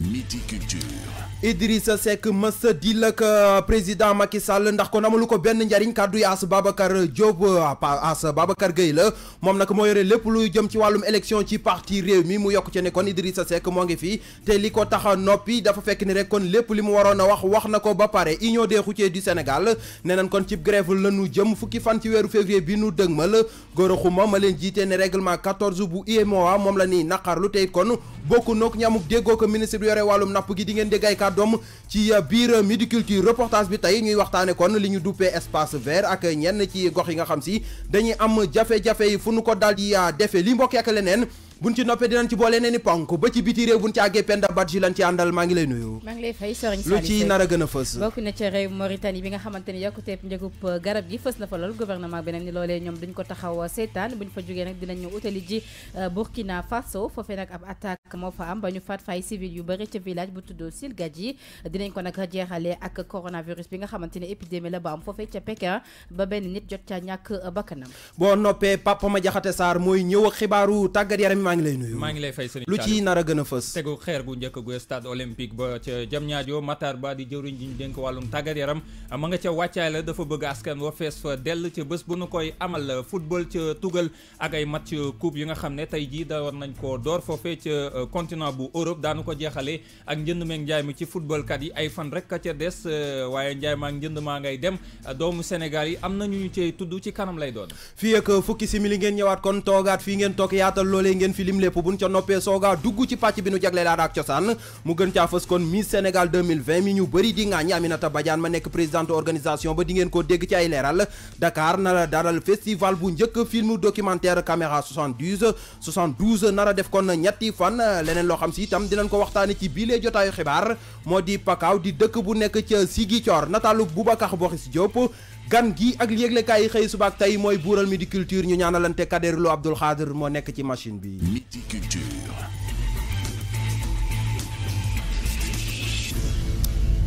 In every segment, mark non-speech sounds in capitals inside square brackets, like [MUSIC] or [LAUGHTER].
Midi Culture. Idrissa Seck mës a dil ak euh, président Macky Sall ndax kon amalu ko benn njariñ kàddu yi as Babacar Diop euh, as Babacar Gueye la moom nag moo yore lépp lu jëm ci wàllum élection ci parti réew mi mu yokk ci ne kon Idrissa Seck moo ngi fi te li ko taxa noppi dafa fekk ni rek kon lépp li mu waroon a wax wax na ko ba pare Union des routiers du Sénégal ne neen kon cib grève lañu jëm fukki fan ci weeru février bi nu dëgmal Gora Khouma ma leen jiitee ne règlement 14 bu UEMOA moom la ni naqarlu tey kon bokku nook ñamuk déggoo ko ministre bi yore wàllum napp gi di ngeen dégg kàddoom ci biir midi culture reportage bi tey ñuy waxtaane kon li ñu duppee espace vert ak ñenn ci gox yi nga xam si dañuy am jafe-jafe yi fu nu ko daal di ah, defee li mbokk ak leneen buñ ci noppee dinañ ci boole nee ni ponk ba ci biti réew buñ ci àggee Penda Badji lañ ci àndal maa ngi lay nuyu lu ci nar a gën a fës bokk na réew Mauritanie bi nga xamante ni yokkuteeb njëgub garab gi fës na fa lool gouvernement beneen ni loolee ñoom duñ ko taxaw seetaan buñ fa jógee nag dinañ ñu utali ji euh, Burkina Faso foofee nag ab attaque moo fa am ba ñu faat fay civil yu bëri ca village bu tuddoo Silgadji dinañ ko nag jeexalee ak coronavirus bi nga xamante ni épidémie la ba am foofee ca Pékin ba benn nit jot ca ñàkk bakkanam boo noppee Papa Ma Jaxate mooy ñëw ak xibaaru tàggat yaram maa ngi lay nuyu. maa ngi lay fay sëriñ tegu xeer gu njëkk gu stade olympique ba ca Diamniadio Matar Ba di jëwriñ ji ñu wàllum tàggat yaram ma nga ca wàccaay la dafa bëgg askan wa fees fa dell ca bés koy amal euh, football ca tugal ak ay match euh, coupe yi nga xam ne tey jii da war nañ koo door foofee ca euh, continent bu Europe daanu ko jeexalee ak njënd meeg njaay mi ci football yi ay fan rek ka ca des waaye njaay maa njënd maa ngay dem doomu Sénégal yi am na ñu ñu tudd ci kanam lay doon. fii ak fukki simili ngeen ñëwaat kon toogaat fii ngeen toog yaatal loolee ngeen fi lim lépp buñ ca noppee soogaa dugg ci pàcc bi nu jagle laa ak cosaan mu gën caa fës kon Miss Sénégal 2020 mi ñu bëri di ŋaañi Aminata Badiane ma nekk présidente organisation ba di ko dégg ci ay leeral Dakar nara daral festival bu njëkk film documentaire caméra 72 72 nara def kon ñetti fan leneen loo xam si itam dinañ ko waxtaane ci biilee jotaayu xibaar moo di pakaaw di dëkk bu nekk ca Ziguinchor nataalu Boubacar Boris Diop gan gi ak yëglekaay yi xëy subaak tey mooy buural midi culture ñu ñaanalante Kader Lo Abdoul Xaadir moo nekk ci machine bi. midi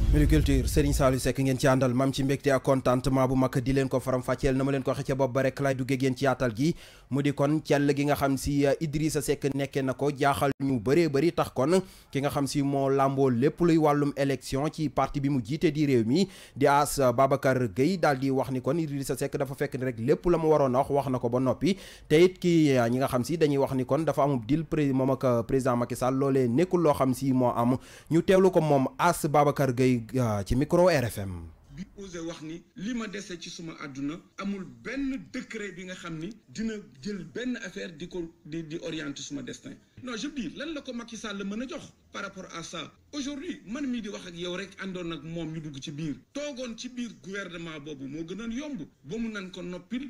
Agriculture Serigne Saliou Seck ngeen ci àndal mam ci mbégte ak contentement bu mag di leen ko faram fàcceel na ma leen ko xëcce bopp ba rek laay duggee ngeen ci yaatal gi mu di kon cell gi nga xam si eh, Idrissa Seck nekkee na ko jaaxal ñu bëree bëri tax kon ki nga xam si moo làmboo lépp luy wàllum élection ci parti bi mu jiite di réew mi di As Babacar Gueye daal di wax ni kon Idrissa Seck dafa fekk ni lépp la mu waroon a wax wax na ko ba noppi te it eh, nga xam si dañuy wax ni kon dafa amub dil moom ak eh, président Macky Sall loolee nekkul loo xam si moo am ñu teelu ko moom As Babacar Gueye ci ah, ci micro RFM. bi osé wax ni li ma dese ci suma àdduna amul benn décret bi nga xam ni dina jël benn affaire di ko di di orienter suma destin non je dis lan la ko Macky Sall la mën a jox par rapport à sa aujourd'hui man mii di wax ak yow rek àndoon ak moom ñu dugg ci biir toogoon ci biir gouvernement boobu moo gënoon yomb ba mu nan ko noppil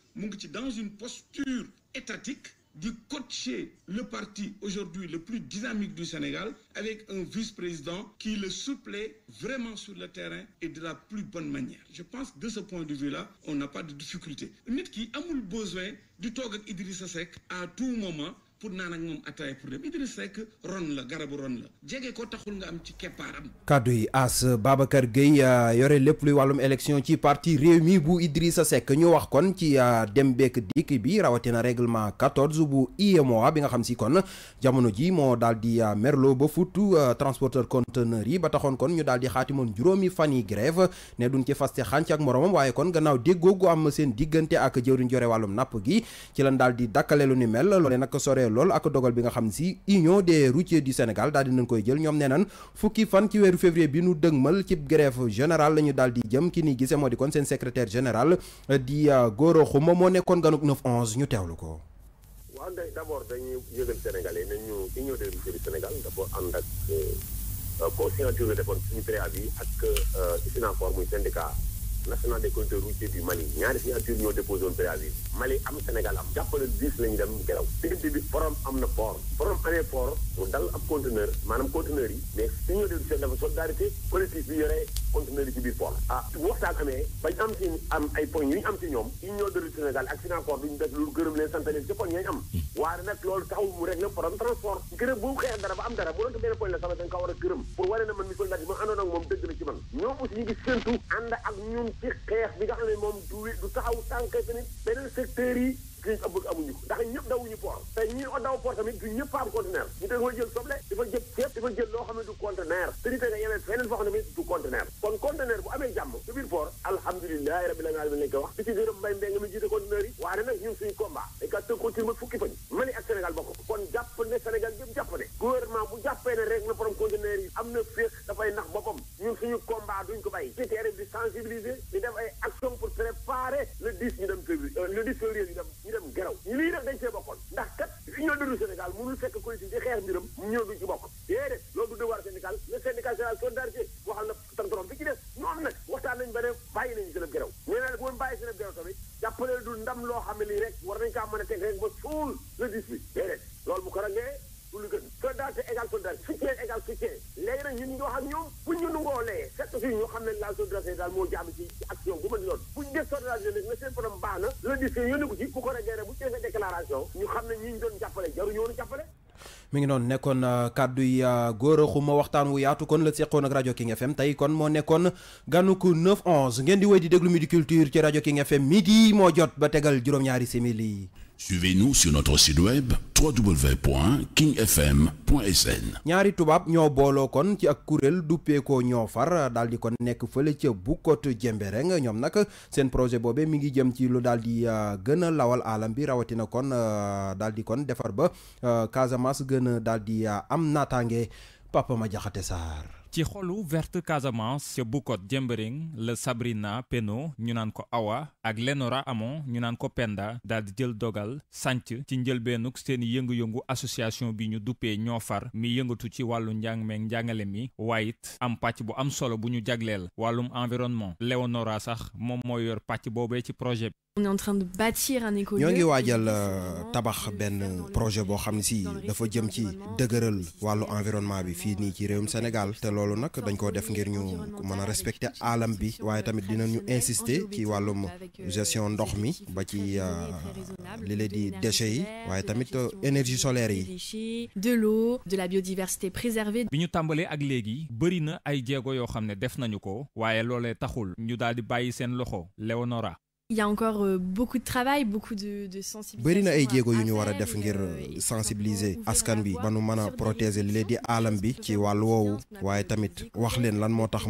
dans une posture étatique de coacher le parti aujourd'hui le plus dynamique du Sénégal avec un vice-président qui le supplée vraiment sur le terrain et de la plus bonne manière je pense que de ce point de vue-là on n'a pas de difficulté nit qui amul besoin du toog Idrissa à tout moment pour naa ak moom ataaya pour dem Idriss ron la garabu ron la jege ko taxul nga am ci keppaaram. kàddu yi as Babacar Gueye euh, yore lépp luy wàllum élection ci parti mi bu sa Seck ñu wax kon ci euh, dem beek dikk bi rawatina règlement 14 bu IMOA bi nga xam si kon jamono ji moo daal di euh, merlo ba futu transporteur conteneur yi ba taxoon kon ñu daal di xaatimoon juróomi fan yi grève ne duñ ci faste xànc ak moromam waaye kon gannaaw déggoo gu am seen diggante ak jëwriñ jore wàllum napp gi ci lan daal di dakkale lu lol ak dogal bi nga xam si union des routiers du Sénégal daal di nañ koy jël ñoom nee fukki fan ci weeru février bi nu dëgmal ci grève générale lañu dal di jëm ki ni gisee moo di kon seen secrétaire général di euh, Gora Khouma moo nekkoon ganuk 9 11 ñu teewlu ko. waaw d' abord dañuy yëgal sénégalais ne ñu union des routiers du Sénégal dafa ànd ak euh, euh, conscientisation defoon suñu préavis ak SYNACOR muy syndicat. national des conducteurs routiers du Mali ñaari signature ñoo déposé woon préavis Mali am Sénégal am jàppale dix lañu dem gelaw diggante bi forom am na forom amee port ah, am ay poñ yu am si ñoom union de route Sénégal ak Sinacor duñu def lu gërëm leen sant leen ci poñ yañu am waaye nag loolu taxawul rek la forom transport gërëm bu xeex dara ba am dara bu doon benn poñ la sama da nga war a gërëm pour waree na man mi solidarité ma àndoon man ñoom aussi ci xeex bi nga xam ne moom du du taxaw tànk tamit beneen secteur yi liñ ko bëgg amuñu ndax ñëpp dawuñu port te ñi daw port tamit du ñëpp am conteneur ñu dafa jël soble dafa jël ceeb dafa jël noonu nekkoon euh, kàddu yi euh, góor xuma waxtaan wu yaatu kon la seqoon ak rajo King FM tey kon moo nekkoon ganuk 9 11 ngeen di wéy di déglu di Culture ci rajo King FM midi moo jot ba tegal juróom-ñaari simili. suivez-nous sur notre site web www.kingfm.sn ñaari tubab ñoo bolo kon ci ak kuréel duppeekoo ñoo far dal di ko nekk fële ca Bukot Jembereng ñom nak sen projet bobé mi ngi jëm ci lu dal di euh, gëna lawal alam bi na kon euh, dal di kon défar ba euh, Casamance gëna dal di am natangé Papa Ma jaxaté sar. ci xolu verte Casamance ca Bukot Jembering la Sabrina Peno ñu naan ko Awa ak Lenora Amon ñu naan ko Penda daal di jël dogal sànc ci njëlbeenug seen yëngu-yëngu association bi ñu duppee ñoo far mi yëngatu ci wàllu njàng njàngale mi waaye it am pàcc bu am solo bu ñu jagleel wàllum environnement Léonora sax moom mooy pàcc boobee ci projet on est en train de bâtir un écolieu. ñoo ngi euh, tabax ben projet bo xamni ne si dafa jëm ci dëgëral walu environnement bi fi ni ci réewum Sénégal té lolu nak dañ ko def ngir ñu mëna respecter alam bi waye tamit ñu insister ci walu euh, gestion ndox mi ba ci euh, li leen di déchets yi waaye tamit énergie solaire yi. de l'eau de la biodiversité préservée. bi ñu tambalé ak légui bari na ay djégo yo xamné def nañu ko waye lolé taxul ñu daal di bàyyi seen loxo Léonora il y a encore euh, beaucoup de travail beaucoup de de sensibilisation bëri na ay jéego yu ñu war a def ngir euh, euh, sensibiliser askan bi ba nu mën protéger li di aalam bi ci wàllu woowu waye tamit wax leen lan moo tax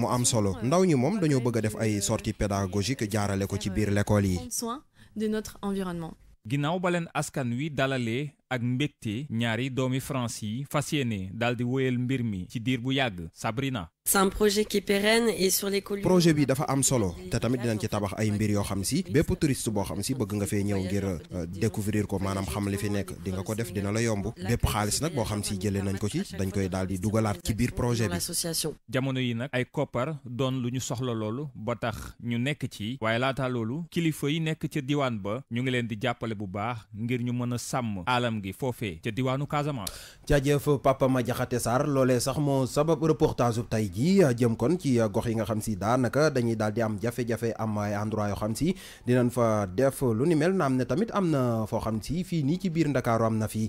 mu am solo ndaw ñi mom dañu bëgg def ay sorties pédagogiques jaarale ko ci biir l'école yi. soin de notre environnement. ginaaw balen askan wi dalalé ak mbégte ñaari doomi France yi fas yéene daal di wóyal mbir mi ci diir bu yàgg Sabrina. c'est un projet qui est pérenne et sur les collines. projet bi dafa am solo té tamit dinañ ci tabax ay mbir yo xam si bép touriste bo xam si bëgg nga fé ñëw ngir euh, découvrir ko manam xam li fi nekk di nga ko def dina la yomb bép xaaliss nak bo xam si jëlé nañ ko ci dañ koy daal di dugalaat ci biir projet bi. jamono yi nak ay copar doon luñu soxla lolu ba tax ñu nekk ci waaye laata lolu kilifa yi nekk ci diwan ba ñu ngi leen di jappalé bu baax ngir ñu mëna sam alam gi foofee ca diwaanu Casamance. jaajëf Papa Ma Jaxate Sarr loole sax moo sabab reportage bu tey jii jëm kon ci gox yi nga xam si daanaka dañuy daal di am jafe-jafe am ay endroit yoo xam si dinañ fa def lu ni mel na am ne tamit am na foo xam si fii nii ci biir Ndakaaru am na fii.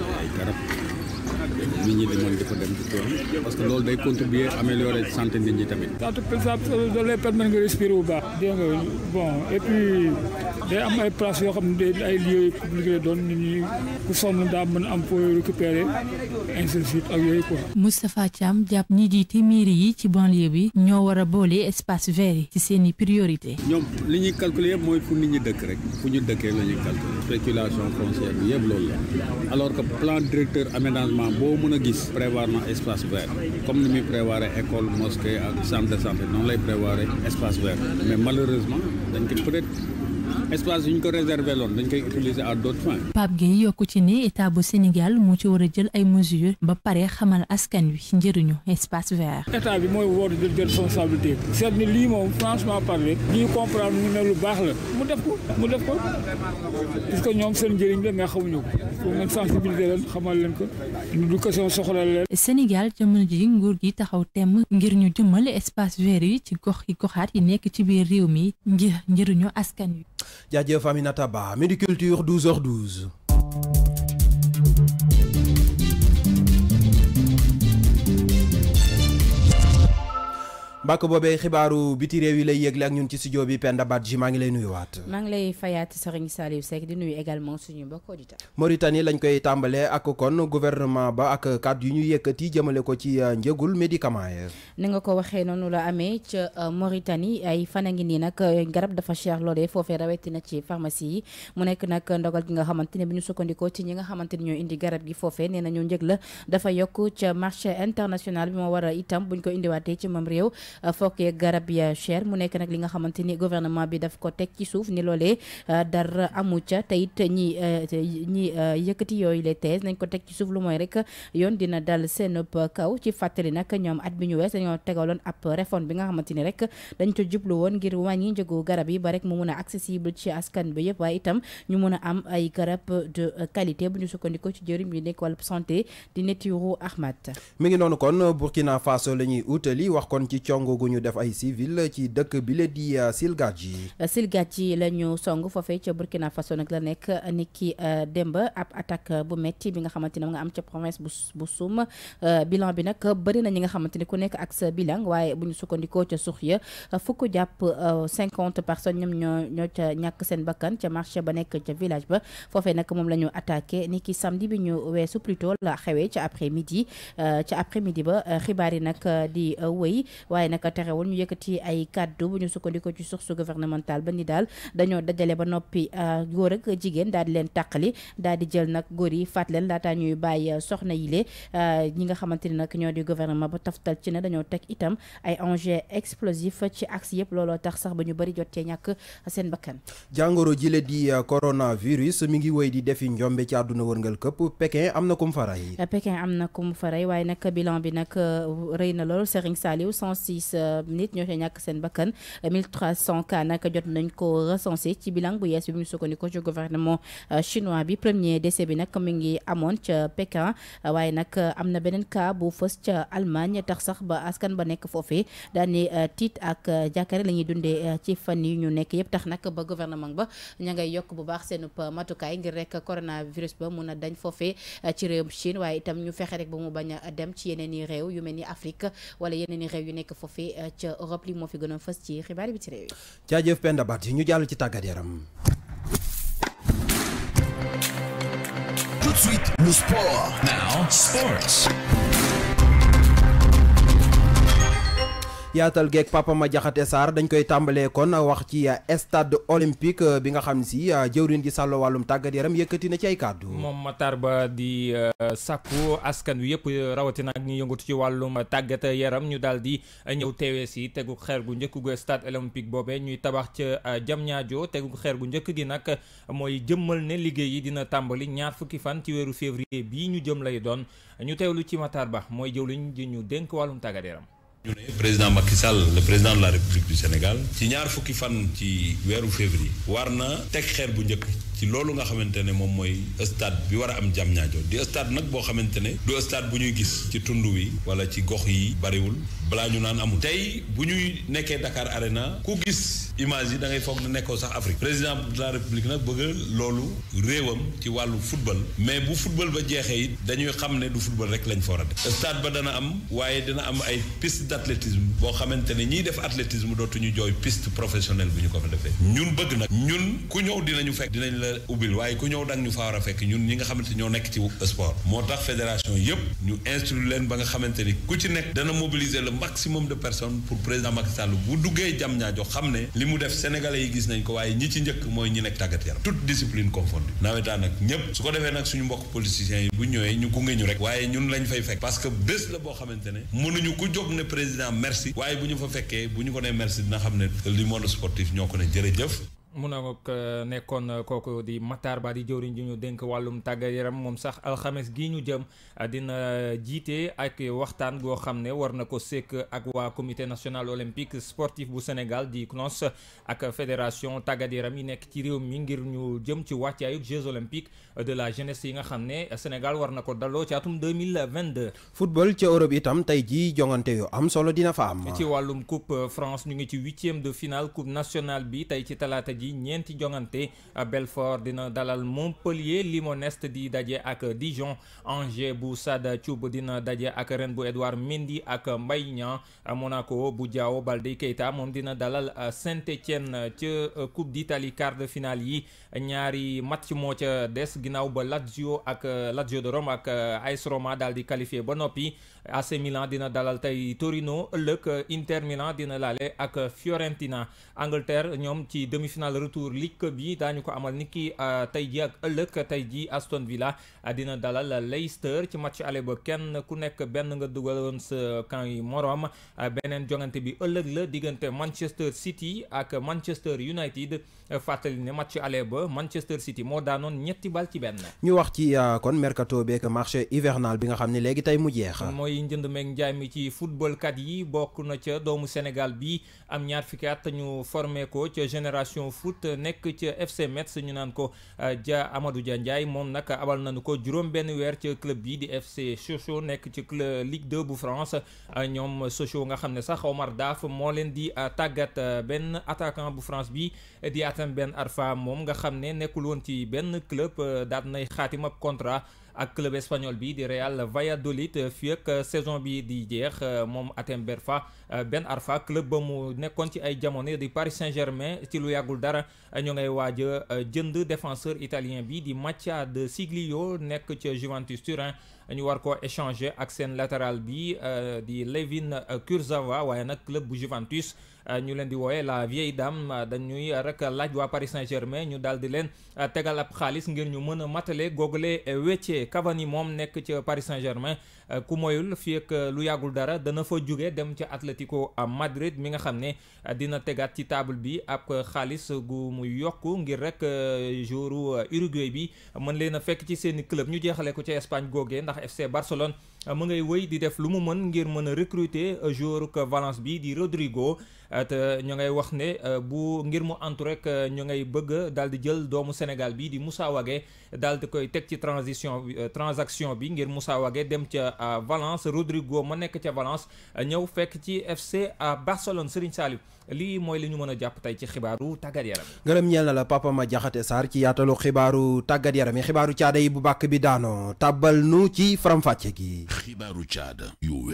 carajo. nit ñi di mën di ko dem ci turam parce que loolu day contribuer améliorer santé nit ñi tamit. ça da lay permettre nga day am ay place yoo xam ne day ay lieux yu public nit ñi ku sonn daa mën am pour récupérer ainsi de suite ak yooyu quoi. Moustapha Thiam jàpp ñi jiite mairie yi ci banlieue bi ñoo war a boole espace vert ci seeni i priorité. ñoom li ñuy calculer yëpp mooy fu nit ñi dëkk rek fu ñu dëkkee la ñuy calculer spéculation foncière bi yëpp loolu la que plan directeur aménagement. Pour de a gis prévoir espace vert comme nous muy prévoir école mosquée ak centre de santé non lay prévoir espace vert mais malheureusement dañ ko peut-être espace yu ñu ko réservé loon dañ koy utiliser à d'autres fins. Pape Gueye yokku ci ni état bu Sénégal moo ci wara jël ay mesures ba paré xamal askan wi njëriñu espace vert. état bi moy woote de jël responsabilité c'est ni li mom franchement parler ñuy comprendre ñu né lu bax la mu def ko mu def ko parce que ñom seen jëriñ la nga xamuñu ko pour ngeen sensibiliser leen xamal leen ko ñu du question soxla leen. Sénégal mëna ji nguur gi taxaw tém ngir ñu jëmmal espace vert yi ci gox yi goxaat yi nekk ci biir réew mi ngir njëriñu askan wi jaajëf Famina Taba, Médiculture 12h12 mbàkk boobee xibaaru biti réew yi lay yëgle ak ñun ci studio bi Penda Badji maa ngi lay nuyuwaat. maa ngi lay fayaat Serigne Saliou Seck di nuyu également suñu mbokk auditeurs. Mauritanie lañ koy tàmbalee ak kon gouvernement ba ak kàddu yu ñu yëkkati jëmale ko ci euh, njëgul médicament yi. Ya. ni nga ko waxee noonu la amee ca euh, Mauritanie ay fan a ngi nii nag euh, garab dafa cher loolee foofee rawatina ci pharmacie yi mu nekk nag ndogal gi nga xamante bi ñu sukkandikoo ci ñi nga xamante ni indi garab gi foofee nee nañu njëg dafa yokk ca marché international bi moo war itam buñ ko indiwaatee ci moom réew Euh, foog yeeg garab ya cher mu nekk nag li nga xamante ni gouvernement bi daf ko teg ci suuf ni loolee euh, dara amu ca te it ñi euh, ñi yëkkati yooyu les thèses nañ ko teg ci suuf lu mooy rek yoon dina dal senop kaw ci fàttali nag ñoom at bi ñu wees dañoo tegaloon ab bi nga rek dañ ko jublu woon ngir wàññi njëgu garab yi ba rek mu mun accessible ci askan bi yëpp waaye itam ñu am ay garab de qualité bu ñu sukkandikoo ci jërim yi nekk wàllu santé di Netiru Ahmad mi ngi noonu kon Burkina Faso la ñuy wax kon ci songu gu ñu def ay civil ci dëkk bi la di uh, Silgadji Silgadji la ñu song foofee ca Burkina Faso nag la nekk ni ki uh, ab attaque bu metti bi nga xamante ne mu nga am ca province bu bu uh, bilan bi nag bëri na ñi nga xamante ni ku nekk ak sa bilan waaye bu ñu sukkandikoo ca suux ya fukk jàpp cinquante personnes ñoom ñoo ñoo ca ñàkk seen bakkan ca marché ba nekk ca village ba foofee nag moom la ñu attaqué ni ki samedi bi ñu weesu plutôt la xewee ca après midi nag terewul ñu yëkkati ay kàddu bu ñu sukkandikoo ci source gouvernementale ba ni daal dañoo dajale ba noppi euh, góor ak jigéen daal di leen tàqali daal di jël nag góor yi faat leen laataa ñuy bàyyi euh, soxna yi lee euh, ñi nga xamante ni nag ñoo di gouvernement ba taftal ci ne dañoo teg itam ay engins explosifs ci axe yëpp looloo tax sax ba ñu bari jot cee ñakk seen bakkan. jàngoro jile di coronavirus mi ngi woy di defi njombe ci àdduna wërngal këpp Pékin am na kum faray. Pékin am na kum dix euh, nit ñoo ca ñàkk seen bakkan naka jot nañ ko recensé ci bilan bu yees bi ñu sukkandiku ci gouvernement euh, chinois bi premier décès bi nag mi ngi amoon ca Pékin waaye nag euh, am na beneen cas bu fës ca Allemagne tax sax ba askan ba nekk foofee daani tiit ak jàkkaare la dundee ci fan yi ñu nekk yëpp tax nag ba gouvernement ba ña ngay yokk bu baax seenub matukaay ngir rek coronavirus ba mun a dañ foofee ci réewum Chine waaye itam ñu fexe rek ba mu bañ a i réew yu fi eh, ca Europe li moo fi gën a fës ci xibaari biti réew yi. jaajëf Penda Bat yi ñu jàll ci tàggat yaram. yaatal geek Papa jaxate sar dañ koy tàmbalee kon wax ci stade olympique bi nga xamni ci ah, jeewrin ji sallo walum tagat yaram yëkkati na ci ay kàddu mom Matar Ba di ah, sakku askan wi yëpp ah, rawati nak ñu yëngatu ci walum tagat yaram ñu daldi ñew ñëw ci si tegu gu njëkk gu stade olympique bobé ñuy tabax ci jam ñaajo tegu gu njëkk gi nak moy jëmmal ne liggéey yi dina tambali ñaar fukki fan ci weeru février bi ñu jëm lay doon ñu tewlu ci Matar Ba moy jëwriñ ji ñu denk walum tagat yaram Le président Macky Sall le président de la République du Sénégal ci ñaar fukki fan ci weeru février Warna, tek teg ci loolu nga xamante ne moom mooy stade bi war a am jam ñaajo di stade nag boo xamante ne du stade bu ñuy gis ci tund wi wala ci gox yi bariwul balaa ñu naan amul tey bu ñuy nekkee Dakar Arena ku gis image yi da ngay foog ne nekkoo sax Afrique président de la République nag bëgg loolu réewam ci wàllu football mais bu football ba jeexee it dañuy xam ne du football rek lañ fa war a def stade ba dana am waaye dina am ay piste d'athlétisme boo xamante ne ñiy def athlétisme dootuñu jooy piste professionnelle bu ñu ko fa defee la ubbil waaye ku ñëw dang ñu fa a fekk ñun ñi nga xamante ñoo nekk ci sport moo tax fédération yëpp ñu instruire leen ba nga xamante ni ku ci nekk dana mobiliser le maximum de personnes pour président Macky Sall bu duggee jam ñaajo xam ne li mu def sénégalais yi gis nañ ko waaye ñi ci njëkk mooy ñi nekk tàggat yaram toute discipline confondue nawetaan nag ñëpp su ko defee nag suñu mbokk politiciens yi bu ñëwee ñu gunge ñu rek waaye ñun lañ fay fekk parce que bés la boo xamante ne mënuñu ku jóg ne président bu ñu fekkee bu ñu ne eh, a nekkoon eh, kooku di Matar di jëwriñ ji ñu dénk wàllum tàggat yaram moom sax alxames gi ñu jëm eh, dina jiite ak waxtaan goo xam ne war na ko sekk ak waa comité national olympique sportif bu Sénégal di CNOS ak fédération tàggat yi nekk ci réew mi ngir ñu jëm ci wàccaayug Jeux olympiques de la jeunesse yi nga xam ne Sénégal war na ko daloo ci atum 2022. football ci Europe itam tey ji jongante yu am solo dina fa am. ci wàllum coupe France ñu ngi ci huitième de finale coupe nationale bi tey ci talaata. ji ñeenti jongante euh, Belfort dina dalal Montpellier Limonest di daje ak Dijon Angers bu Sada Thioub dina daje ak Rennes bu Edouard Mendy ak Mbaye Niang euh, Monaco bu Diao Baldé Keita moom dina dalal euh, Saint-Étienne ca Coupe d'Italie quart de finale yi ñaari match moo ca des ginnaaw ba Lazio ak Lazio de Rome ak AS Roma daal di qualifié ba noppi AC Milan dina dalal tey Torino ëllëg uh, Inter Milan dina laale ak uh, Fiorentina Angleterre ñoom ci demi-finale retour Ligue bi daañu ko amal niki uh, tey ji ak ëllëg tey ji Aston Villa dina dalal Leicester ci match aller ba kenn ku nekk benn nga dugaloon sa camp yi moroom beneen jongante bi ëllëg la diggante Manchester City ak Manchester United fàttali ne match aller ba Manchester City moo daanoon ñetti bal ci benn. ñu wax ci kon mercato beeg marché hivernal bi nga xam ne léegi tey mu jeex. yi njënd meeg njaay mi ci footballkat yi bokk na ca doomu Sénégal bi am ñaar fukki at ñu ko ca génération foot nekk ca FC Metz ñu naan ko ja euh, Amadou ja Ndiaye moom nag abal nañu ko juróom benn weer ca club bi di FC Sochaux nekk ci club Ligue 2 bu France euh, ñoom Sochaux nga xam ne sax Omar Daf moo leen di euh, tàggat benn attaquant bu France bi di Atem benn Arfa moom nga xam ne nekkul woon ci benn club daat nay xaatim ab contrat ak club espagnol bi di Real Valladolid fii ak euh, saison bi di jeex euh, mom Hatem Berfa euh, Ben Arfa club ba mu nekkon ci ay jamono di Paris Saint-Germain ci lu yàggul dara ñu ngay waje a jënd défenseur italien bi di Mattia de Siglio nekk ci Juventus Turin ñu war ko échanger ak seen latéral bi di Levin Kurzawa waye nak club bu Juventus. Euh, ñu leen di wooye la vieille dame euh, dañuy rek laaj waa Paris Saint-Germain ñu daal di leen euh, tegal ab xaalis ngir ñu mën a matale googale wecce Cavani moom nekk ca Paris Saint-Germain ku moyul fii ak lu yàggul dara dana fa jóge dem ca Atlético Madrid mi nga xam ne dina tegaat ci table bi ab xaalis gu mu yokk ngir rek jouru Uruguay bi mën leen a fekk ci seeni club ñu jeexale ko ca Espagne googe ndax FC Barcelone Euh, mu ngay wëy di def lu mu mën ngir mën a recruter euh, jour que Valence bi di Rodrigo euh, te ñu ngay wax ne bu ngir mu antu rek ñu ngay bëgg daal di jël doomu Sénégal bi di Moussa Wagué dal di koy teg ci transition transaction bi ngir Moussa Wagué dem ca Valence Rodrigo ma nekk ca Valence ñëw fekk ci FC à Barcelone Serigne Saliou lii mooy li ñu mën a jàpp tey ci xibaaru tàggat yaram gërëm la Papa Ma Jaxate Sarr ci xibaaru tàggat yaram xibaaru caada yi bu bàkk bi daanoo tàbbal nu ci faram-fàcce gi xibaaru caada yu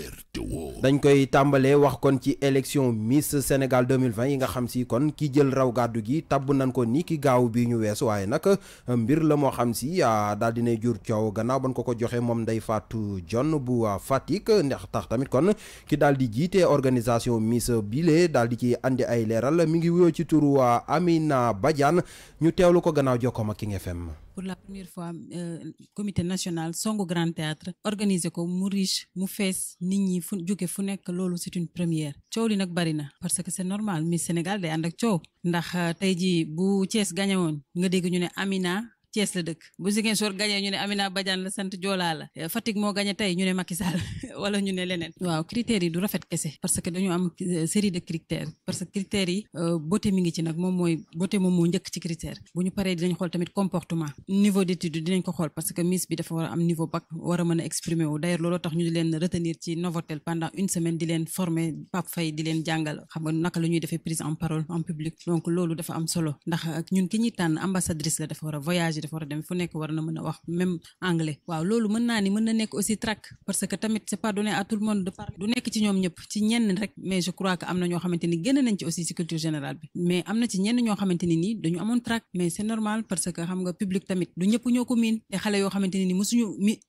dañ koy tàmbalee wax kon ci élection Miss Sénégal 2020 yi nga xam si kon ki jël raw gàddu gi tabb nañ ko ni ki gaaw bi ñu weesu waaye nag mbir la moo xam si ah, daal dinay jur coow gannaaw ba ko ko joxe moom Ndeye Fatou jonn bu ah, Fatick ndax tax tamit kon ki daal di jiite organisation Miss bi daal di ci andi ay leeral mi ngi wuyoo ci turu Amina Badiane ñu teewlu ko gannaaw jokkoom ak King FM. pour la première fois euh, comité national songu grand théâtre organiser ko mu riche mu fees nit ñi fu jóge fu nekk loolu c'est une première coow li nag bari na parce que c'est normal mi Sénégal day ànd ak coow ndax euh, tey ji bu Thiès gañe woon nga dégg ñu ne Amina. Thiès la dëkk bu Ziguinchor gañee ñu ne Amina Badiane la sant Joolaa la euh, Fatick moo gañe tey ñu ne Macky Sall [LAUGHS] ñu ne leneen waaw critères yi du rafet kese parce que dañu am euh, série de critères parce que critères yi euh, beauté mi ngi ci nag moom mooy beauté moom moo njëkk ci critère bu ñu paree dinañ xool tamit comportement niveau d'étude dinañ ko xool parce que miss bi dafa war am niveau bac war mën a exprimer wu d'ailleurs looloo tax ñu di leen retenir ci dafa war a dem fu nekk war na mën a wax même anglais waaw loolu mën naa ni mën na nekk aussi trac parce que tamit c'est pas donné à tout le monde de parler du nekk ci ñoom ñëpp ci ñenn rek mais je crois que am na ñoo xamante ni génn nañ ci aussi culture générale bi mais am na ci ñenn ñoo xamante ni nii dañu amoon trac mais c'est normal parce que xam nga public tamit du ñëpp ñoo ko miin te xale yoo xamante ni nii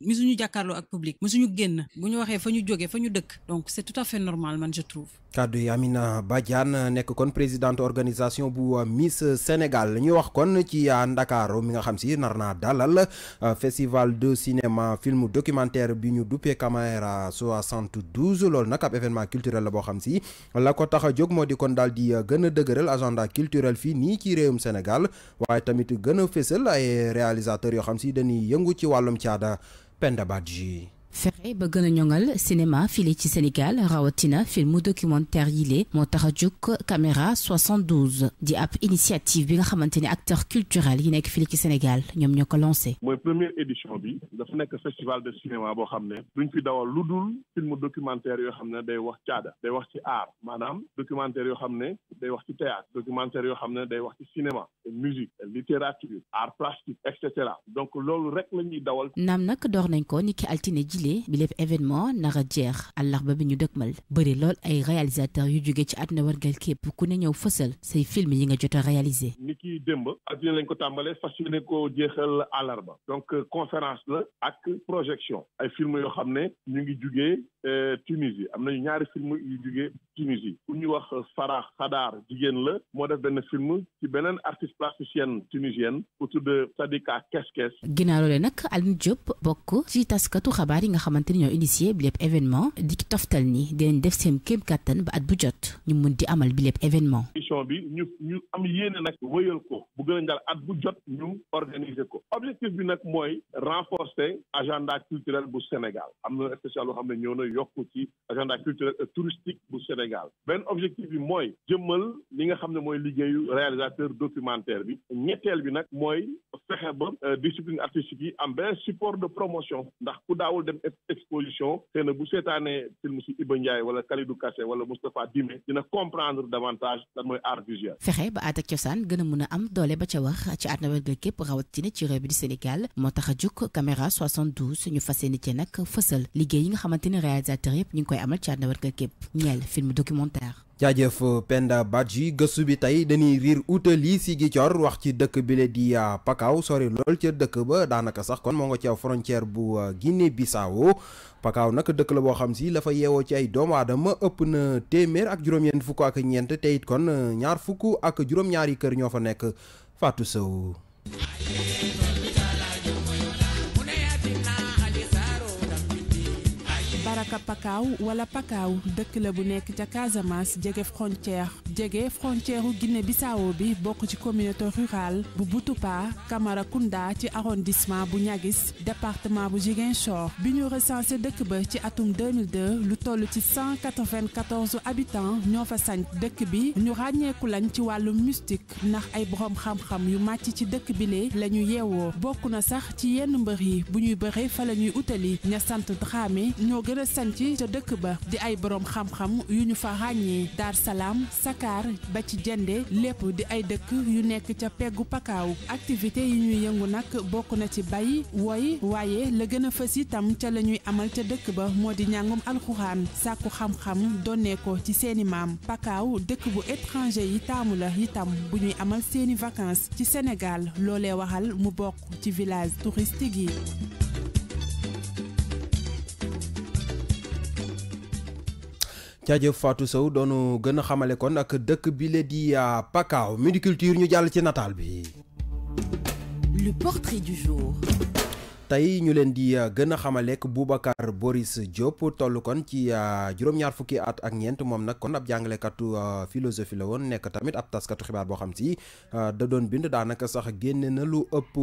musuñu mi jàkkaarloo ak public musuñu génn bu ñu waxee fa ñu jógee fa ñu dëkk donc c'est tout à fait normal man je trouve kàddu yi Amina Badiane nekk kon présidente organisation bu euh, Miss Sénégal ñu wax kon ci euh, Ndakaaru mi nga xam si nar naa dalal euh, festival de cinéma film documentaire bi ñu duppee Caméra 72 loolu nag ab événement culturel la boo xam si la ko tax a jóg moo di kon daal di gën dëgëral agenda culturel fii nii ci réewum Sénégal waaye tamit gën a fésal ay réalisateurs yoo xam si dañuy yëngu ci wàllum caada Penda Badji fexe ba gën a ñoŋal cinéma file ci Sénégal rawatina film documentaire yi le moo tax a jóg caméra 72 di ab initiative bi nga xamante ni acteur culturel yi nekk ci Sénégal ñoom ñoo lancé. mooy première édition bi dafa festival de cinéma boo xam ne duñ fi dawal lu dul documentaire yoo xam ne day wax caada day wax ci art maanaam documentaire yoo xam ne day wax ci théâtre documentaire yoo xam day wax ci cinéma musique littérature art plastique etc. donc loolu rek la ñuy dawal. naam nag door nañ ko niki altine gilee bi lépp événement nara jeex àllarba bi ñu dëgmal bëri lool ay réalisateurs yu jóge ci at na wargal képp ku ne ñëw fësal say film yi nga jot a réalisé ni ki démb ak lañ ko tàmbalee fas yéene ko jeexal àllarba donc euh, conférence la ak projection ay film yoo xam ne ñu ngi jugee euh, Tunisie am nañu ñaari film yu jugee Tunisie pour ñu wax euh, Farah Khadar jigéen la moo def benn film ci beneen artiste plasticienne tunisienne ku tudd Sadika Keskes ginnaaw loole nag Aline Diop bokk ci taskatu xabaar nga xamanteni ñoo initier bi lépp événement di ki toftal ni dinañ def seen kéem kàttan ba at bu jot ñu mun di amal bi lépp événement mission bi ñu ñu am yéene nag wëyal ko bu gën a ngal at bu jot ñu organiser ko objectif bi nag mooy renforcer agenda culturel bu Sénégal am na spécial loo xam ne ñoo na yokku ci agenda culturel et touristique bu Sénégal benn objectif bi mooy jëmmal li nga xam ne mooy liggéeyu réalisateur documentaire bi ñetteel bi nag mooy fexe ba euh, discipline artistique yi am benn support de promotion ndax ku daawul dem dem exposition xëy na bu seetaanee film si Iba Ndiaye wala Khalidou Kassé wala Moustapha Dimé dina comprendre davantage lan mooy art visuel fexe ba aada ak cosaan gën am doole ba ca wax ci àdduna wërngal képp rawatina ci réew bi di Sénégal moo tax caméra 72 ñu fas ni ci nak, fësal liggéey yi nga xamante réalisateur yëpp ñu koy amal ci àdduna wërngal képp ñeel film documentaire jaajëf Penda Badji gëstu bi tey dañuy riir utali si gi wax ci dëkk bile di ah, Pakao sori lool ca dëkk ba daanaka sax kon moo nga ca frontière bu ah, Guinée Bissau Pakao nag dëkk la boo xam si la fa yeewoo ci ay doomu aadama ëpp na téeméer ak juróom fukk ak ñeent te kon ah, ñaar fukk ak juróom-ñaari kër ñoo fa nekk faatu Sow. Mbaka wala Pakaw dëkk la bu nekk ca Casamance jege frontière jege frontière Guinée bissao bi bokk ci communauté rurale bu Boutoupa Kunda ci arrondissement bu Niaguis département bu Ziguinchor bi ñu recensé dëkk ba ci atum 2002 lu toll ci 194 habitants ñoo fa sañ dëkk bi ñu ràññeeku lañ ci wàllu mystique ndax ay borom xam-xam yu màcc ci dëkk bi la lañu yeewoo bokk na sax ci yenn mbër yi bu ñuy bëree fa la ñuy utali ña sant Dramé ñoo gën a sanc ca dëkk ba di ay borom xam-xam yu ñu fa ràññee Dar Salaam Sakaar ba ci Jende lépp di ay dëkk yu nekk ca peggu pakaaw activité yi ñuy yëngu nag bokk na ci bay woy waaye la gën a fës itam ca la ñuy amal ca dëkk ba moo di njàngum alxuraan sàkku xam-xam donnee ko ci seeni maam pakaaw dëkk bu étranger yi taamu la itam bu ñuy amal seeni vacance ci Sénégal loole waxal mu bokk ci village touristique yi jaajëf Fatou sëw doonu gën a xamale kon ak dëkk bi la di Pakao Midi Culture ñu jàll ci nataal bi. Le tey ñu leen di gën a xamaleek Boubacar Boris Diop toll kon ci juróom-ñaar fukki at ak ñeent moom nag kon ab jàngalekatu philosophie la woon nekk tamit ab taskatu xibaar boo xam si da doon bind daanaka sax génne na lu ëpp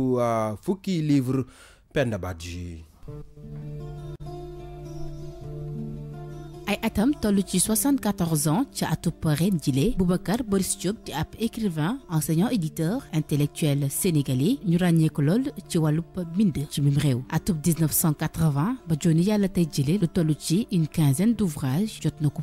fukki livre Penda Badji ay atam toll ci 74 ans ci atub ren jile Boubacar Boris Diop écrivain enseignant éditeur intellectuel sénégalais ñu Kolol, ko lool ci wàllub mbind ci mim réew 1980 ba jooni yàlla tey jile lu ci une quinzaine d'ouvrages jot na ko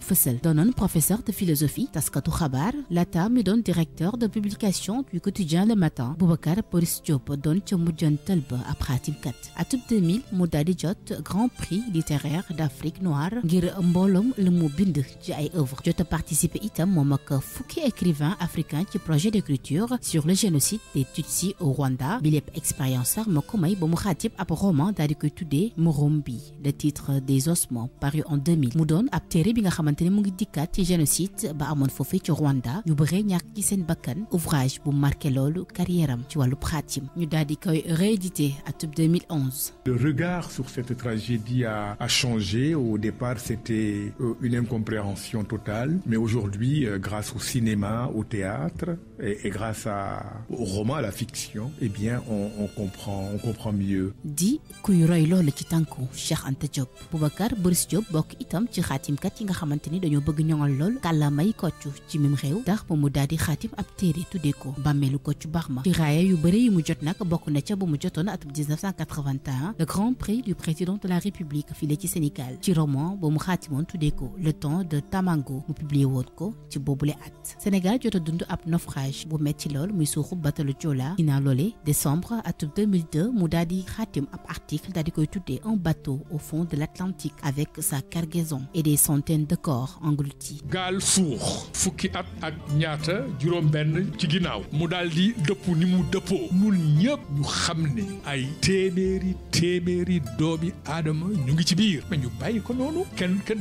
professeur de philosophie taskatu Khabar, Lata mi doon directeur de publication du quotidien Le Matin Boubacar Boris Diop doon ca mujjantal ba ab à atub 2000 mu daal jot grand prix littéraire d'Afrique noire ngir tolloog la mu bind ci ay œuvre jot a participé itam moom ak fukki écrivain africain ci projet d'écriture sur le génocide des Tutsi au Rwanda bi lépp expérience sax ma ko may ba mu xaatib ab roman daal di koy tuddee le titre des ossements paru en 2000 mu doon ab téere bi nga xamante ne mu ngi dikkaat ci génocide ba amoon foofu ci Rwanda ñu bëree ñàkk ci seen bakkan ouvrage bu marqué loolu carrière am ci wàllu xaatim ñu daal di koy réédité 2011. Le regard sur cette tragédie a, a changé au départ c'était euh, une incompréhension totale. Mais aujourd'hui, euh, grâce au cinéma, au théâtre et, et grâce à, au roman, à la fiction, eh bien, on, on comprend, on comprend mieux. di kuy roy loolu ci tànku Cheikh Anta Diop Boubacar Boris Diop Bok itam ci xaatimkat yi nga xamante ni dañoo bëgg ñoŋal lool kàllaamay kocc ci abteri tudeko tax ba mu daal di xaatim ab téere tuddee ko bàmmeelu kocc ci yu yi mu jot 1981 le grand prix du président de la république file ci Sénégal ci roman ba mu tuddee le temps de Tamango mu publié woon ci bobule at Sénégal jotta dundu dund ab naufrage bu metti lol muy suuxu batalu Joola ginnaaw lolé décembre atum 2002 mu daal khatim ab article daal koy tuddee un bateau au fond de l'Atlantique avec sa cargaison et des centaines de corps engloutis. Gal suux fukki at ak ñaata juróom ben ci ginnaaw mu daldi di ni mu dëppoo nun ñepp ñu xamné ay téméri, téméri, doomi Adam, ñu ngi ci biir mais ñu bàyyi ko noonu ken ken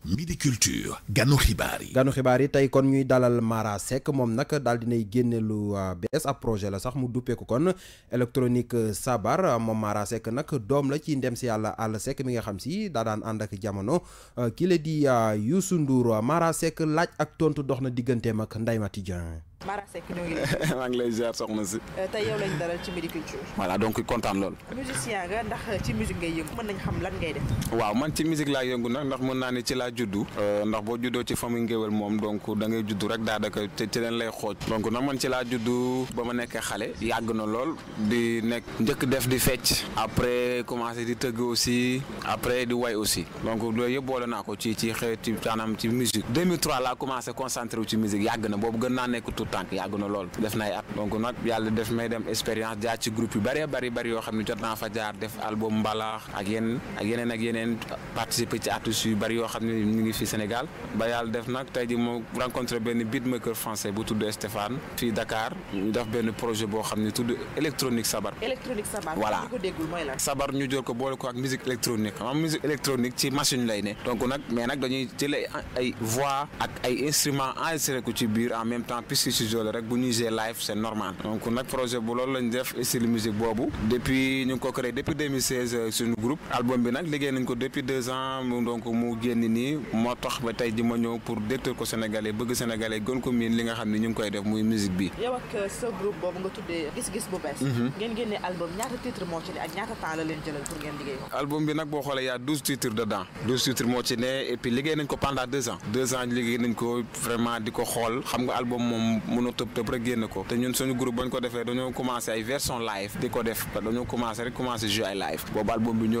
Midi Culture ganu xibaar yi. ganu xibaar yi tey kon ñuy dalal Mara Seck moom nag daal dinay génne lu euh, bees ab projet la sax mu duppeeku kon électronique euh, sabar moom Mara Seck nak doom la ci ndem si yàlla àll Seck mi nga xam si daa daan ànd ak jamono euh, ki la di Youssou Ndour Mara Seck laaj ak tontu dox na digganteem ak Ndeye Mathi Dieng. Mara Seck ñoo ngi lay. [LAUGHS] maa ngi lay xam lan ngay def. waaw man ci musique laa yëngu nag ndax mën naa ne ci laa judu juddu euh, ndax bo juddoo ci famu ngeewal mom donc da ngay juddu rek da te ci len lay xoj donc na man ci la juddu bama nek xalé yag na lol di nek ndek def di fecc après commencer di tëgg aussi après di way aussi donc loolu yëpp bolé naa ko ci ci xeeti taanam ci musique 2003 la commencé concentré ci musique yag na bobu gën naa nekk tout tànk yag na lol def na ay at donc nak yalla def may dem expérience ja ci groupe yu bari bari bëri yoo xam jot na fa jaar def album mbalaax ak yenn ak yenen ak yenen participer ci artistes yu bëri yoo xam ñu ngi fi Sénégal ba yàlla def nag tey ji moo rencontré benn beatmaker français bu tudd Stéphane fii Dakar ñu def benn projet boo xam ne électronique sabar. électronique sabar voilà sabar ñu jël ko boole ko ak musique électronique xam musique électronique ci machine lay ne. donc nag mais nag dañuy jëlee ay voix ak ay instruments enregistré ko ci biir en même temps puisque si jole rek bu ñuy jouer live c'est normal donc nag projet bu loolu lañ def style musique boobu depuis ñu ngi créé depuis 2016 euh, suñu groupe album bi nag liggéey nañ ko depuis deux ans donc mu génn nii. yi moo tax ba tey ji ma ñëw pour dégtal ko sénégalais bëgg sénégalais gën ko miin li nga xam ne ñu ngi koy def muy musique bi. Mhm. ngeen génnee album ko. album bi nag boo xoolee y' a douze titres dedans douze titres moo ci ne et liggéey nañ ko pendant deux ans deux ans liggéey nañ ko vraiment di ko xool xam nga album moom mën a tëb tëb rek génn ko te ñun suñu groupe bañ ko defee dañoo commencé ay version live di ko def dañoo commencé rek commencé jouer ay live boobu album bi ñu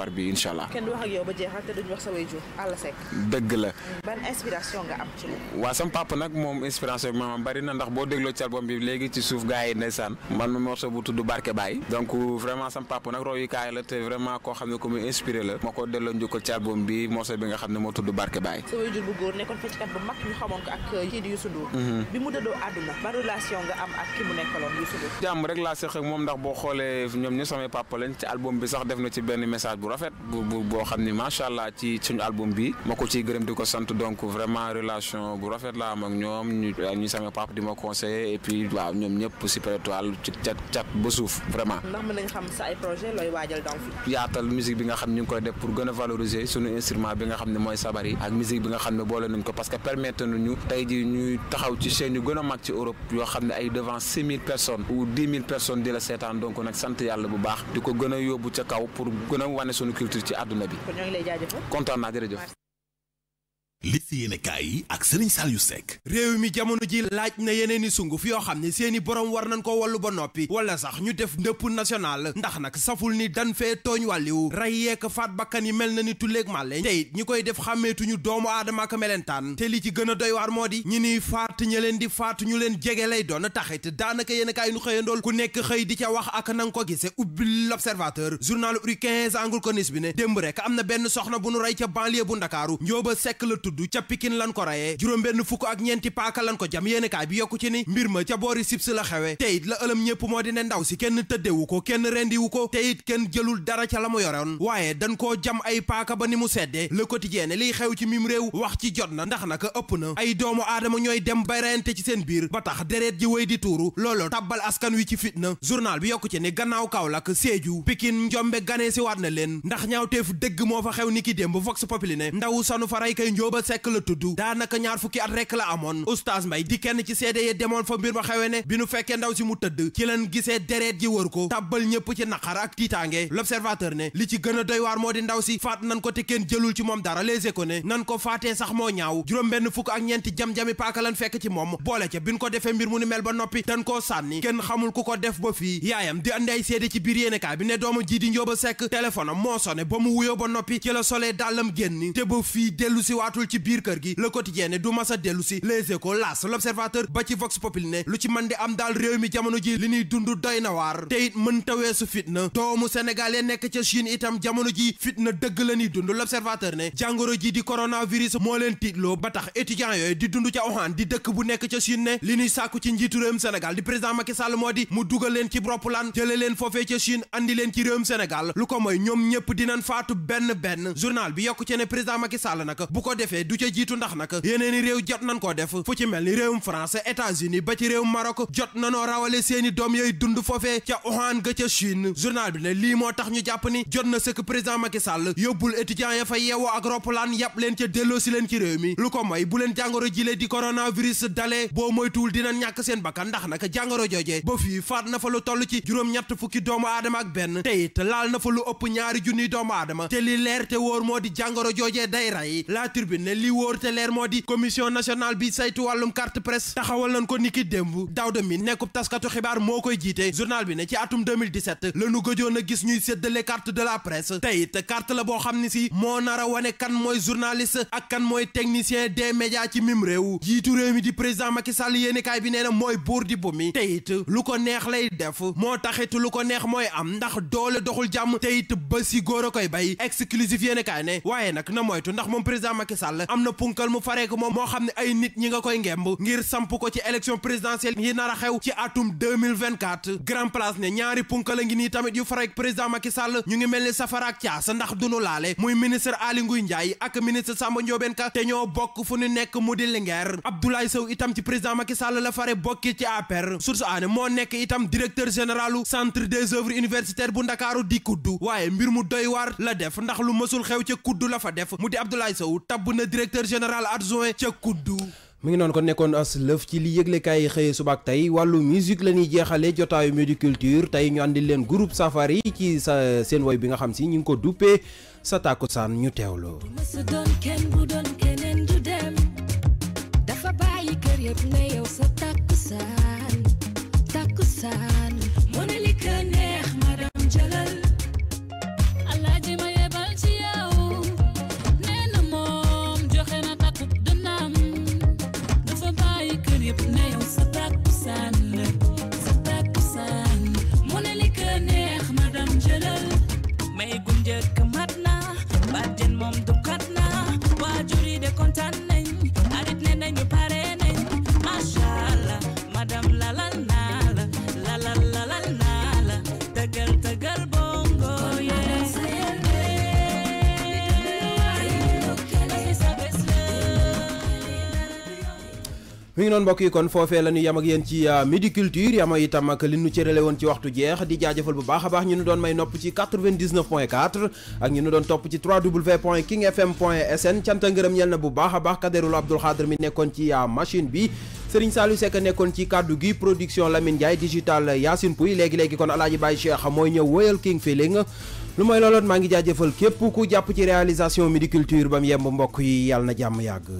feebar bi incha allah. kenn la. ban inspiration nga am ci moom. waaw sama papa nag moom na ndax boo dégloo ci album bi léegi ci suuf gars yi ma morceau bu tudd Barke Baye. donc vraiment sama papa nag royukaay koo xam ne ku muy inspiré la. ma ko delloo njukkal ci album ne moo tudd Barke Baye. sa waajur bu góor nekkoon feccikat bu mag ñu xamoon ko ak kii di Youssou Ndour. Mhm. bi mu dëddoo àdduna ban relation nga am ak ki mu nekkaloon Youssou Ndour. jàmm rek laa seq moom ndax boo xoolee ñoom ñu samay papa ci album bi sax def na ci benn message bu rafet bu bu boo xam ci suñu album bi mako ci gërëm diko sante donc vraiment relation bu rafet la am ak ñom ñu euh, ñu sama papa dima conseiller et puis wa ñom ñep Super Étoile ci chat cat souf vraiment. ndax mën nañ xam sa ay projet loy wajal donc. yaatal musique bi nga xam ñu koy def pour gëna valoriser suñu instrument bi nga xam ne mooy sabar ak musique bi nga xam ne boole nañ ko parce que permettre ñu tay ji ñuy taxaw ci chaîne yu gën mag ci Europe yo xam ne ay devant 6000 personnes ou 10000 personnes di la seetaan donc nak sante yalla bu baax diko gëna gën a ca kaw pour gëna wane sunu culture ci àdduna bi. kon ñoo ngi li si yéene kaay réew mi jamono ji laaj na yeneen i sunguf yoo xam ne seeni borom war nañ ko wallu ba noppi wala sax ñu def ndëpp national ndax nag saful ni dan fee tooñ wàlliwu rey yeek faat bakkan yi mel na ni tulleeg màlle te it ñi koy def xàmmeetuñu doomu aadama ak melentaan te li ci gën a doy moo di ñi niy faat ña leen di faat ñu leen jege lay doon taxit daanaka yéen kaay nu xëyandool ku nekk xëy di ca wax ak nan nga ko gise ubbi l'observateur journal uri 15 angul konis bi ne démb rek am na benn soxna bu nu rey ca banlieue bu ndakaaru njooba sekk la tudd ca Pikine lan ko rayee juróom-benn fukk ak ñeenti paaka lan ko jam yéenekaay bi yokku ci ni mbir ma ca boori sibs la xewe te it la ëlëm ñépp moo di ndaw si kenn tëddewu ko kenn rendiwu ko te yit kenn jëlul dara ca la mu yoroon waaye dan koo jam ay paaka ba ni mu seddee le quotidien liy xew ci mim réew wax ci jot na ndax naka ëpp na ay doomu aadama ñooy dem ba reyante ci seen biir ba tax deret ji wéy di tuuru looloo tàbbal askan wi ci fitna journal bi yokku ci ni gannaaw Kaolack Sédhiou Pikine Njombe ganee si waat na leen ndax ñaawteef dëgg moo fa xew ni ki démb Vox Populi ne ndaw sanu Demba Seck la tudd daanaka ñaar fukki at rekk la amoon oustaz Mbay di kenn ci seede yi demoon fa mbir ma xewe ne bi nu fekkee ndaw si mu tëdd ci leen gisee deret ji wër ko tàbbal ñëpp ci naqar ak tiitaange l'observateur ne li ci gën a doy waar moo di ndaw si faat nan ko te kenn jëlul ci moom dara les éco ne nan ko faatee sax moo ñaaw juróom-benn fukk ak ñeenti jam-jami paaka lan fekk ci moom boole ca bin ko defee mbir mu ni mel ba noppi dañ koo sànni ci biir kër gi le quotidien ne du mas a dellu si les échos las l'observateur ba ci vox populi ne lu ci man di am daal réew mi jamono ji li ñuy dund doy na waar te it mën taweesu fitna doomu sénégal ya nekk ca Chine itam jamono ji fitna dëgg la ñuy dund l'observateur ne jàngoro ji di coronavirus moo leen tiitloo ba tax étudiants yooyu di dund ca Wuhan di dëkk bu nekk ca Chine ne li ñuy sàkku ci njiitu réewum sénégal di président Macky Sall moo di mu dugal leen ci roppalaan jële leen foofee ca Chine andi leen ci réewum sénégal ko mooy ñoom ñëpp dinañ faatu benn benn journal bi yokku ci ne président Macky Sall nag bu ko defee loolee du ca jiitu ndax nag yeneen réew jot nañ koo def fu ci mel ni réewum France États-Unis ba ci réewum Maroc jot nanoo rawale seeni doom yooyu dund foofee ca Wuhan ga ca Chine journal bi ne lii moo tax ñu jàpp ni jot na sëkk président Macky Sall yóbbul étudiants ya fa yeewoo ak roppalaan yàpp leen ca delloo si leen ci réew mi lu ko mooy bu leen jàngoro jile di coronavirus dalee boo moytuwul dina ñàkk seen bakkan ndax nag jàngoro joojee ba fii faat na fa lu toll ci juróom-ñett fukki doomu aadama ak benn te laal na fa lu ëpp ñaari junniy doomu aadama te li leer te wóor moo di jàngoro joojee day rey ne li wóor te leer moo di commission nationale bi saytu wàllum carte presse taxawal nañ ko niki démb Daouda Mine nekkub taskatu xibaar moo koy jiite journal bi ne ci atum 2017 la ñu gëjoon a gis ñuy séddale carte de la presse te it carte la boo xam ne si moo nar a wane kan mooy journaliste ak kan mooy technicien de médias ci mim réew jiitu réew mi di président Macky Sall yéenekaay bi nee na mooy buur di bu mi te it lu ko neex lay def moo taxit lu ko neex mooy am ndax doole doxul jàmm te it ba si góor a koy bay exclusif yéenekaay ne waaye nag na moytu ndax moom président Macky Sall Sall am na punkal mu faree ko moom moo xam ne ay nit ñi nga koy ngemb ngir samp ko ci élection présidentielle yi nar xew ci atum 2024 grand place ne ñaari punkal a ngi nii tamit yu fareek président Macky Sall ñu ngi mel ni safara ak caas ndax duñu laale muy ministre Aly Ngouille Ndiaye ak ministre Samba Ndiobène Ka te ñoo bokk fu ñu nekk mu di Linguère Abdoulaye Sow itam ci président Macky Sall la fare bokki ci APR source anne moo nekk itam directeur généralu centre des œuvres universitaires bu Ndakaaru di waaye mbir mu doy waar la def ndax lu mësul xew ca kuddu la fa def mu di Abdoulaye Sow tabb na directeur général adjoint ca kuddu mi ngi noonu ko nekkoon as lëf ci li yëglekaay yi xëyee subaak tey wàllu musique la ñuy jeexale jotaayu Midi Culture tey ñu àndi leen groupe Safari ci sa seen woy bi nga xam si ñu ngi ko duppee sa tàkkusaan ñu teew loo kenn bu doon noonu mbokk yi kon foofee la ñu yem ak yéen ci euh, midi culture yama itam ak li ñu cërale woon ci waxtu jeex di jaajafal bu baax a baax ñu nu doon may nopp ci 99 point 4 ak ñu nu doon topp ci 3w point king fm point sn cant ngërëm ñel na bu baax a baax kaderul Abdoul Xaadir mi nekkoon ci euh, machine bi Serigne Saliou Seck nekkoon ci kàddu gi production Lamine Ndiaye digital Yacine Pouy léegi-léegi kon alaaji Baye Cheikh mooy ñëw woyal king feeling lu mooy looloon maa ngi jaajëfal képp k jàpp ci réalisation midi culture ba mu yemb na jàmm yàgg